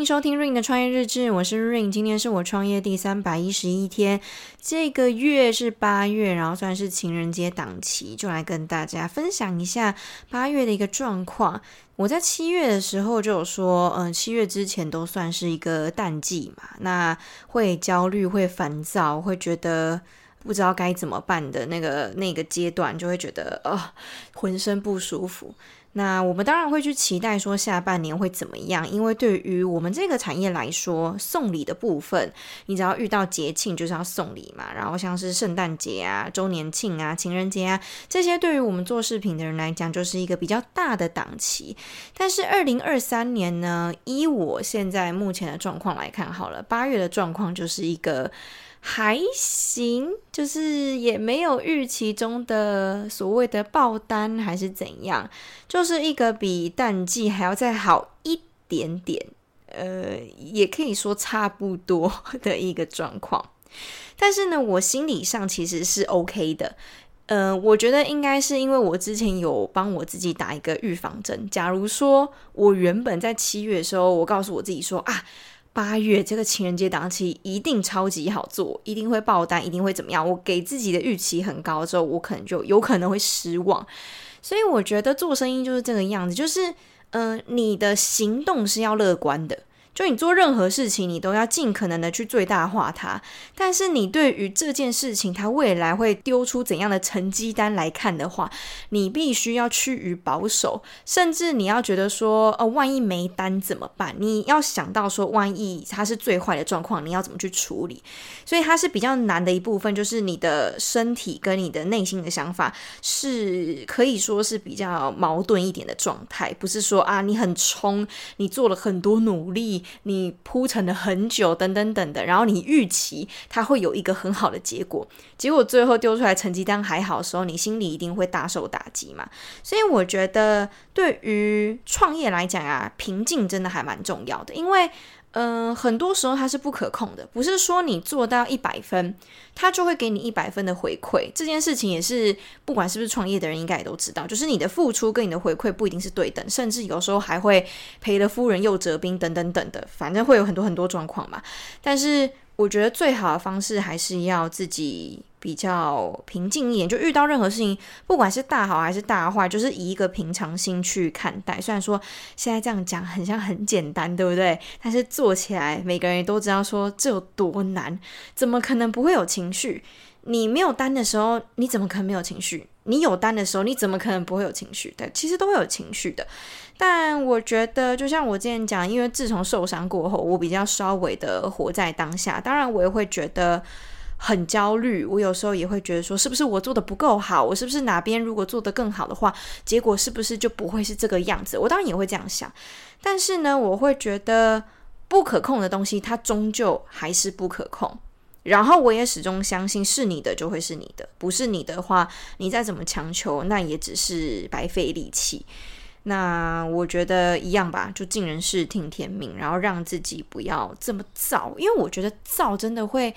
歡迎收聽 Ring 的創業日志，我是 Ring，今天是我創業第三百一十一天，這個月是八月，然後算是情人節檔期，就來跟大家分享一下八月的一個狀況。我在七月的時候就有說，嗯、呃，七月之前都算是一個淡季嘛，那會焦慮、會煩躁、會覺得不知道該怎麼辦的那個那個階段，就會覺得、哦、渾身不舒服。那我們當然會去期待說下半年會怎麼樣，因為對於我們這個產業來說，送禮的部分，你只要遇到節慶就是要送禮嘛，然後像是聖誕節啊、週年慶啊、情人節啊這些，對於我們做飾品的人來講，就是一個比較大的檔期。但是二零二三年呢，依我現在目前的狀況來看，好了，八月的狀況就是一個，還行，就是也沒有預期中的所謂的爆單還是怎樣，就是一個比淡季還要再好一點點，呃，也可以說差不多的一個狀況。但是呢，我心理上其實是 OK 的，呃，我覺得應該是因為我之前有幫我自己打一個預防針。假如說我原本在七月的時候，我告訴我自己說啊。八月這個情人節檔期一定超級好做，一定會爆單，一定會怎麼樣？我給自己的預期很高之後，我可能就有可能會失望。所以我覺得做生意就是這個樣子，就是，嗯、呃，你的行動是要樂觀的。就你做任何事情，你都要盡可能的去最大化它。但是你對於這件事情，它未來會丟出怎樣的成績單來看的話，你必須要趨於保守，甚至你要覺得說，呃、哦，萬一沒單怎麼辦？你要想到說，萬一它是最壞的狀況，你要怎麼去處理？所以它是比較難的一部分，就是你的身體跟你的內心的想法是可以說是比較矛盾一點的狀態。不是說啊，你很衝，你做了很多努力。你鋪陳了很久，等等等等的，然後你預期它會有一個很好的結果，結果最後丟出來成績單還好的時候，你心裡一定會大受打擊嘛。所以我覺得對於創業來講啊，平靜真的還蠻重要的，因為。嗯、呃，很多時候它是不可控的，不是說你做到一百分，它就會給你一百分的回饋。這件事情也是，不管是不是創業的人，應該也都知道，就是你的付出跟你的回饋不一定是對等，甚至有時候還會賠了夫人又折兵等等等等的，反正會有很多很多狀況嘛。但是我覺得最好的方式還是要自己。比較平靜一點，就遇到任何事情，不管是大好還是大壞，就是以一個平常心去看待。雖然說現在這樣講很像很簡單，對不對？但是做起來，每個人都知道說這有多難。怎麼可能不會有情緒？你沒有單的時候，你怎麼可能沒有情緒？你有單的時候，你怎麼可能不會有情緒？對，其實都會有情緒的。但我覺得，就像我之前講，因為自從受傷過後，我比較稍微的活在當下。當然，我也會覺得。很焦慮，我有時候也會覺得說，是不是我做的不夠好？我是不是哪邊如果做得更好的話，結果是不是就不會是這個樣子？我當然也會這樣想，但是呢，我會覺得不可控的東西，它終究還是不可控。然後我也始終相信，是你的就會是你的，不是你的話，你再怎麼強求，那也只是白費力氣。那我覺得一樣吧，就盡人事聽天命，然後讓自己不要這麼躁，因為我覺得躁真的會。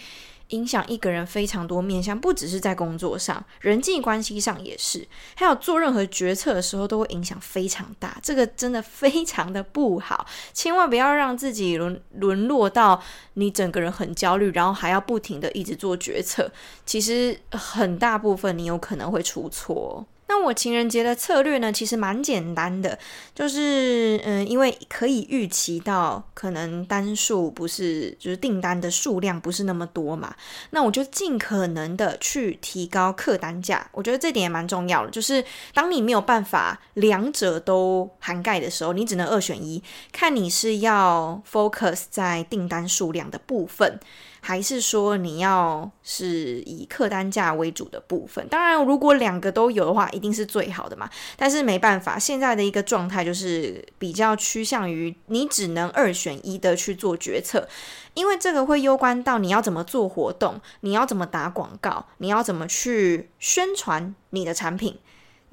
影響一個人非常多面向，不只是在工作上，人際關係上也是，還有做任何決策的時候都會影響非常大。這個真的非常的不好，千萬不要讓自己淪淪落到你整個人很焦慮，然後還要不停的一直做決策。其實很大部分你有可能會出錯。我情人節的策略呢，其實蠻簡單的，就是嗯，因為可以預期到可能單數不是，就是訂單的數量不是那麼多嘛，那我就盡可能的去提高客單價，我覺得這點也蠻重要，就是當你沒有辦法兩者都涵蓋的時候，你只能二選一，看你是要 focus 在訂單數量的部分。還是說你要是以客單價為主的部分，當然如果兩個都有的話，一定是最好的嘛。但是沒辦法，現在的一個狀態就是比較趨向於你只能二選一的去做決策，因為這個會攸關到你要怎麼做活動，你要怎麼打廣告，你要怎麼去宣傳你的產品。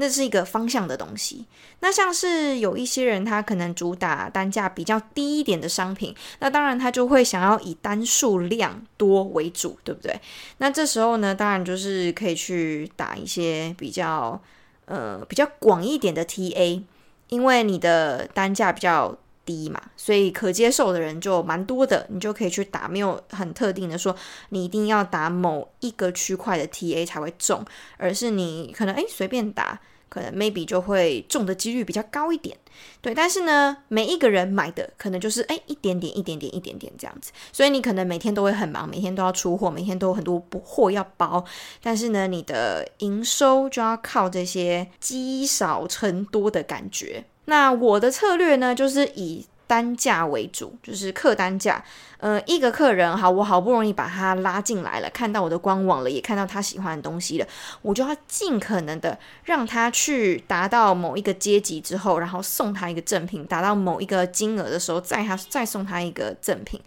那是一個方向的東西。那像是有一些人，他可能主打單價比較低一點的商品，那當然他就會想要以單數量多為主，對不對？那這時候呢，當然就是可以去打一些比較呃比較廣一點的 TA，因為你的單價比較。第一嘛，所以可接受的人就蠻多的，你就可以去打，沒有很特定的說你一定要打某一個區塊的 TA 才會中，而是你可能哎隨便打，可能 maybe 就會中的幾率比較高一點。對，但是呢，每一個人買的可能就是哎一點點、一點點、一點點這樣子，所以你可能每天都會很忙，每天都要出貨，每天都有很多不貨要包，但是呢，你的營收就要靠這些積少成多的感覺。那我的策略呢，就是以單價為主，就是客單價。呃，一個客人，好，我好不容易把他拉進來了，看到我的官網了，也看到他喜歡的東西了，我就要盡可能的讓他去達到某一個階級之後，然後送他一個贈品，達到某一個金額的時候，再他再送他一個贈品，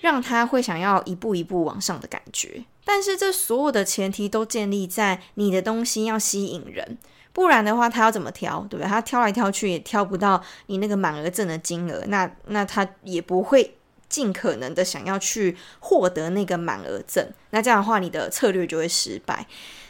讓他會想要一步一步往上的感覺。但是這所有的前提都建立在你的東西要吸引人。不然的話，他要怎麼挑，對不對？他挑來挑去也挑不到你那個滿額贈的金額，那那他也不會盡可能的想要去獲得那個滿額贈，那這樣的話，你的策略就會失敗。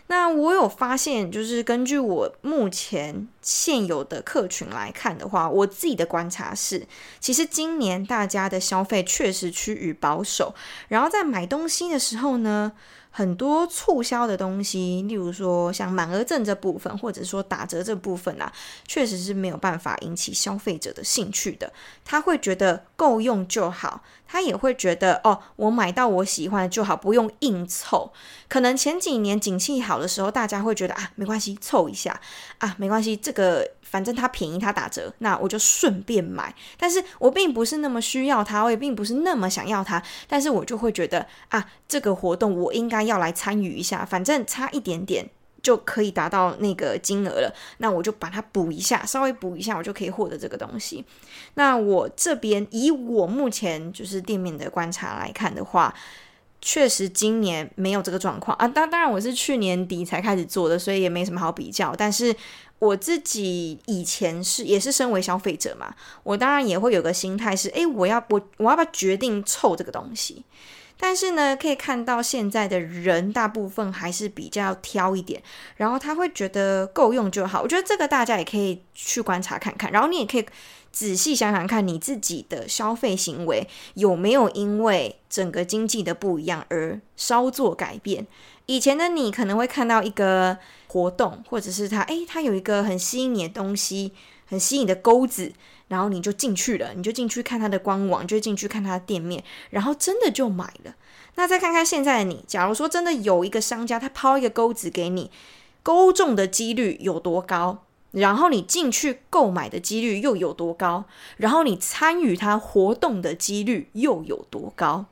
那我有發現，就是根據我目前。現有的客群來看的話，我自己的觀察是，其實今年大家的消費確實趨於保守。然後在買東西的時候呢，很多促銷的東西，例如說像滿額贈這部分，或者說打折這部分啊，確實是沒有辦法引起消費者的興趣的。他會覺得夠用就好，他也會覺得哦，我買到我喜歡就好，不用硬湊。可能前幾年景氣好的時候，大家會覺得啊，沒關係，湊一下啊，沒關係這個反正它便宜，它打折，那我就順便買。但是我並不是那麼需要它，我也並不是那麼想要它，但是我就會覺得啊，這個活動我應該要來參與一下，反正差一點點就可以達到那個金額了，那我就把它補一下，稍微補一下，我就可以獲得這個東西。那我這邊以我目前就是店面的觀察來看的話，確實今年沒有這個狀況啊。當當然，我是去年底才開始做的，所以也沒什麼好比較，但是。我自己以前是也是身為消費者嘛，我當然也會有個心態是，誒、欸，我要不？我要不要決定湊這個東西？但是呢，可以看到現在的人大部分還是比較挑一點，然後他會覺得夠用就好。我覺得這個大家也可以去觀察看看，然後你也可以仔細想想看你自己的消費行為有沒有因為整個經濟的不一樣而稍作改變。以前的你可能會看到一個活動，或者是他，誒，他有一個很吸引你的東西，很吸引你的鈎子，然後你就進去了，你就進去看他的官網，你就進去看他的店面，然後真的就買了。那再看看現在的你，假如說真的有一個商家，他拋一個鈎子給你，鈎中的幾率有多高？然後你進去購買的幾率又有多高？然後你參與他活動的幾率又有多高？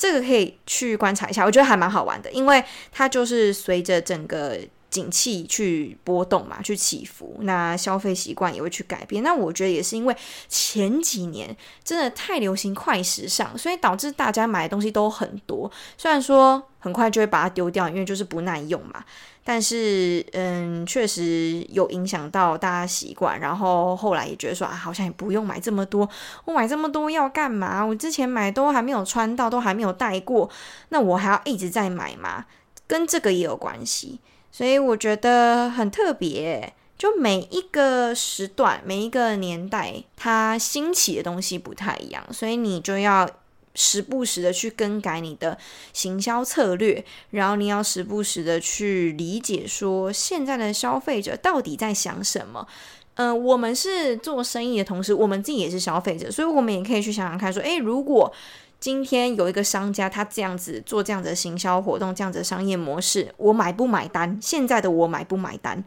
這個可以去觀察一下，我覺得還蠻好玩的，因為它就是隨着整個景氣去波動嘛，去起伏。那消費習慣也會去改變。那我覺得也是因為前幾年真的太流行快時尚，所以導致大家買的東西都很多，雖然說很快就會把它丟掉，因為就是不耐用嘛。但是，嗯，確實有影響到大家習慣，然後後來也覺得說啊，好像也不用買這麼多，我買這麼多要幹嘛？我之前買都還沒有穿到，都還沒有戴過，那我還要一直在買嗎？跟這個也有關係，所以我覺得很特別，就每一個時段、每一個年代，它興起的東西不太一樣，所以你就要。時不時的去更改你的行銷策略，然後你要時不時的去理解說現在的消費者到底在想什麼。嗯、呃，我們是做生意的同時，我們自己也是消費者，所以我們也可以去想想看，說，誒，如果今天有一個商家他這樣子做這樣的行銷活動，這樣子的商業模式，我買不買單？現在的我買不買單？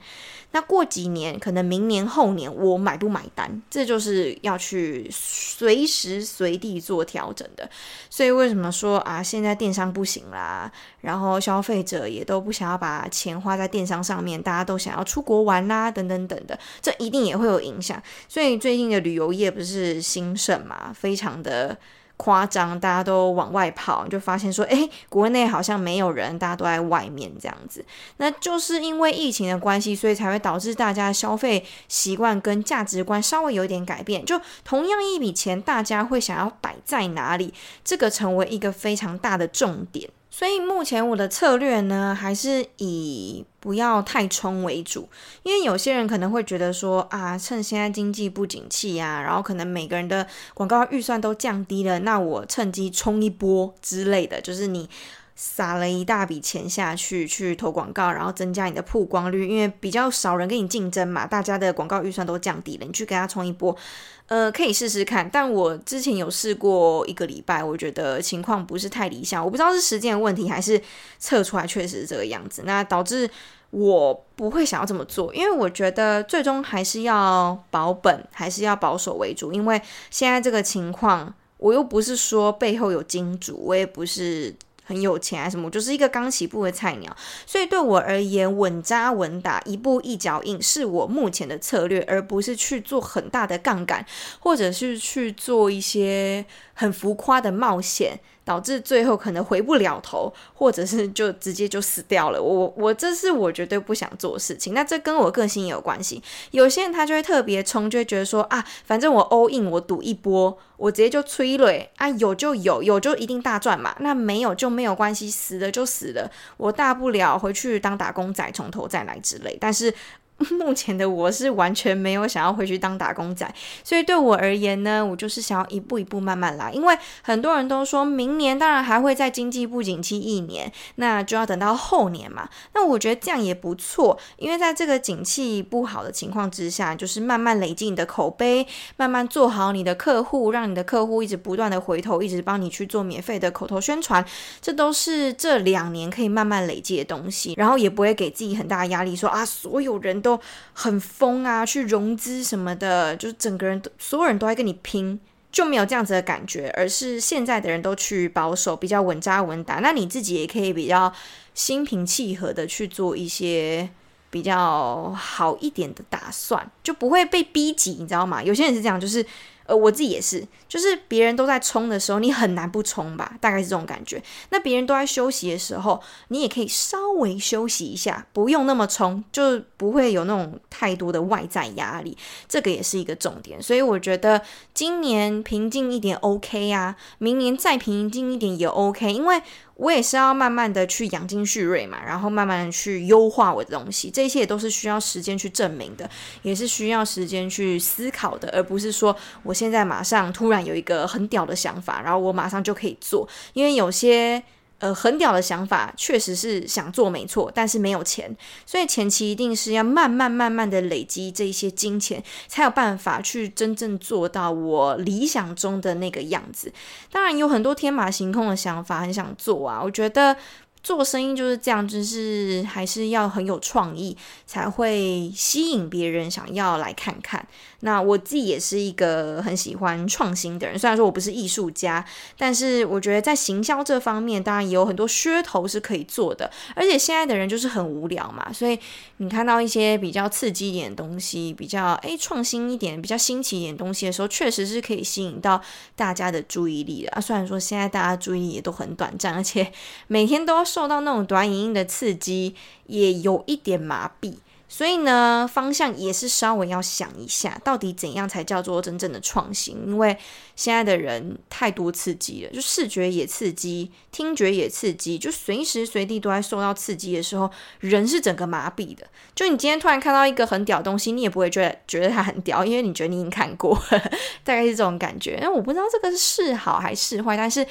那過幾年，可能明年後年，我買不買單，這就是要去隨時隨地做調整的。所以為什麼說啊，現在電商不行啦，然後消費者也都不想要把錢花在電商上面，大家都想要出國玩啦，等等等等的，這一定也會有影響。所以最近的旅遊業不是興盛嘛，非常的。誇張，大家都往外跑，你就發現說，誒、欸，國內好像沒有人，大家都在外面這樣子。那就是因為疫情的關係，所以才會導致大家的消費習慣跟價值觀稍微有點改變。就同樣一筆錢，大家會想要擺在哪裡，這個成為一個非常大的重點。所以目前我的策略呢，還是以不要太衝為主，因為有些人可能會覺得說啊，趁現在經濟不景氣啊，然後可能每個人的廣告預算都降低了，那我趁機衝一波之類的，就是你。撒了一大筆錢下去去投廣告，然後增加你的曝光率，因為比較少人跟你競爭嘛，大家的廣告預算都降低了，你去給他衝一波，呃，可以試試看。但我之前有試過一個禮拜，我覺得情況不是太理想。我不知道是時間的問題還是測出來確實是這個樣子，那導致我不會想要這麼做，因為我覺得最終還是要保本，還是要保守為主。因為現在這個情況，我又不是說背後有金主，我也不是。很有錢啊，什麼？我就是一個剛起步的菜鳥，所以對我而言，穩紮穩打，一步一腳印，是我目前的策略，而不是去做很大的槓桿，或者是去做一些很浮誇的冒險。導致最後可能回不了頭，或者是就直接就死掉了。我我這是我絕對不想做事情，那這跟我個性也有關係。有些人他就會特別衝，就會覺得說啊，反正我 all in，我賭一波，我直接就催淚啊，有就有，有就一定大賺嘛。那沒有就沒有關係，死了就死了，我大不了回去當打工仔，從頭再來之類。但是。目前的我是完全沒有想要回去當打工仔，所以對我而言呢，我就是想要一步一步慢慢來。因為很多人都說明年當然還會在經濟不景氣一年，那就要等到後年嘛。那我覺得這樣也不錯，因為在這個景氣不好的情況之下，就是慢慢累積你的口碑，慢慢做好你的客戶，讓你的客戶一直不斷的回頭，一直幫你去做免費的口頭宣傳，這都是這兩年可以慢慢累積的東西，然後也不會給自己很大的壓力說，說啊所有人都。很瘋啊，去融資什麼的，就是整個人所有人都在跟你拼，就沒有這樣子的感覺，而是現在的人都去保守，比較穩紮穩打。那你自己也可以比較心平氣和的去做一些比較好一點的打算，就不會被逼急，你知道嗎？有些人是這樣，就是。呃，我自己也是，就是別人都在衝的時候，你很難不衝吧，大概是這種感覺。那別人都在休息的時候，你也可以稍微休息一下，不用那麼衝，就不會有那種太多的外在壓力，這個也是一個重點。所以我覺得今年平靜一點 OK 呀，明年再平靜一點也 OK，因為。我也是要慢慢的去養精蓄銳嘛，然後慢慢的去優化我的東西，這一切都是需要時間去證明的，也是需要時間去思考的，而不是說我現在馬上突然有一個很屌的想法，然後我馬上就可以做，因為有些。呃，很屌的想法確實是想做沒錯，但是沒有錢，所以前期一定是要慢慢慢慢的累積這一些金錢，才有辦法去真正做到我理想中的那個樣子。當然有很多天馬行空的想法，很想做啊。我覺得做生意就是這樣，就是還是要很有創意，才會吸引別人想要來看看。那我自己也是一個很喜歡創新的人，雖然說我不是藝術家，但是我覺得在行銷這方面，當然也有很多噱頭是可以做的。而且現在的人就是很無聊嘛，所以你看到一些比較刺激一點的東西，比較，欸，創新一點、比較新奇一點的東西的時候，確實是可以吸引到大家的注意力的。啊，雖然說現在大家注意力也都很短暫，而且每天都要受到那種短影音的刺激，也有一點麻痹。所以呢，方向也是稍微要想一下，到底怎樣才叫做真正的創新？因為現在的人太多刺激了，就視覺也刺激，聽覺也刺激，就隨時隨地都在受到刺激的時候，人是整個麻痹的。就你今天突然看到一個很屌的東西，你也不會覺得覺得它很屌，因為你覺得你已經看過，呵呵大概是這種感覺。但我不知道這個是好還是壞，但是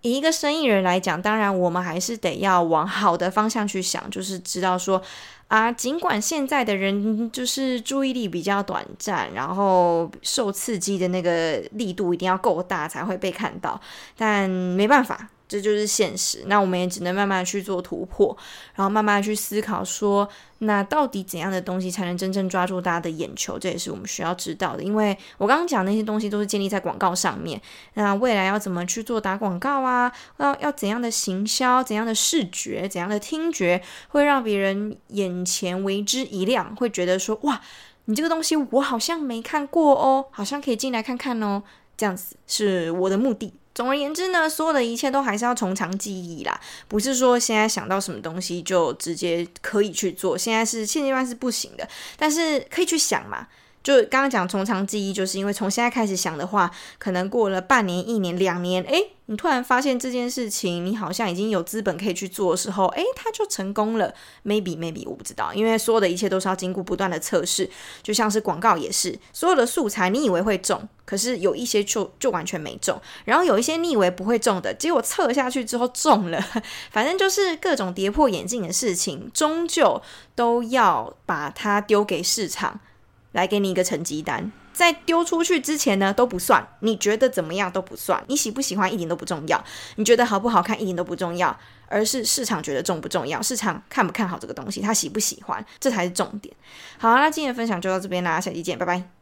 以一個生意人來講，當然我們還是得要往好的方向去想，就是知道說。啊，儘管現在的人就是注意力比較短暫，然後受刺激的那個力度一定要夠大才會被看到，但沒辦法。這就是現實，那我們也只能慢慢去做突破，然後慢慢去思考說，那到底怎樣的東西才能真正抓住大家的眼球？這也是我們需要知道的，因為我剛剛講那些東西都是建立在廣告上面。那未來要怎麼去做打廣告啊？要要怎樣的行銷？怎樣的視覺？怎樣的聽覺？會讓別人眼前為之一亮，會覺得說，哇，你這個東西我好像沒看過哦，好像可以進來看看哦。這樣子是我的目的。總而言之呢，所有的一切都還是要從長計議啦，不是說現在想到什麼東西就直接可以去做。現在是現階段是不行的，但是可以去想嘛。就剛剛講從長計議，就是因為從現在開始想的話，可能過了半年、一年、兩年，誒，你突然發現這件事情，你好像已經有資本可以去做的時候，誒，它就成功了。Maybe maybe 我不知道，因為所有的一切都是要經過不斷的測試，就像是廣告也是，所有的素材你以為會中，可是有一些就就完全沒中，然後有一些你以為不會中的，結果測下去之後中了，反正就是各種跌破眼鏡的事情，終究都要把它丟給市場。來給你一個成績單，在丟出去之前呢都不算，你覺得怎麼樣都不算，你喜不喜歡一點都不重要，你覺得好不好看一點都不重要，而是市場覺得重不重要，市場看不看好這個東西，他喜不喜歡，這才是重點。好，那今天的分享就到這邊啦，下期見，拜拜。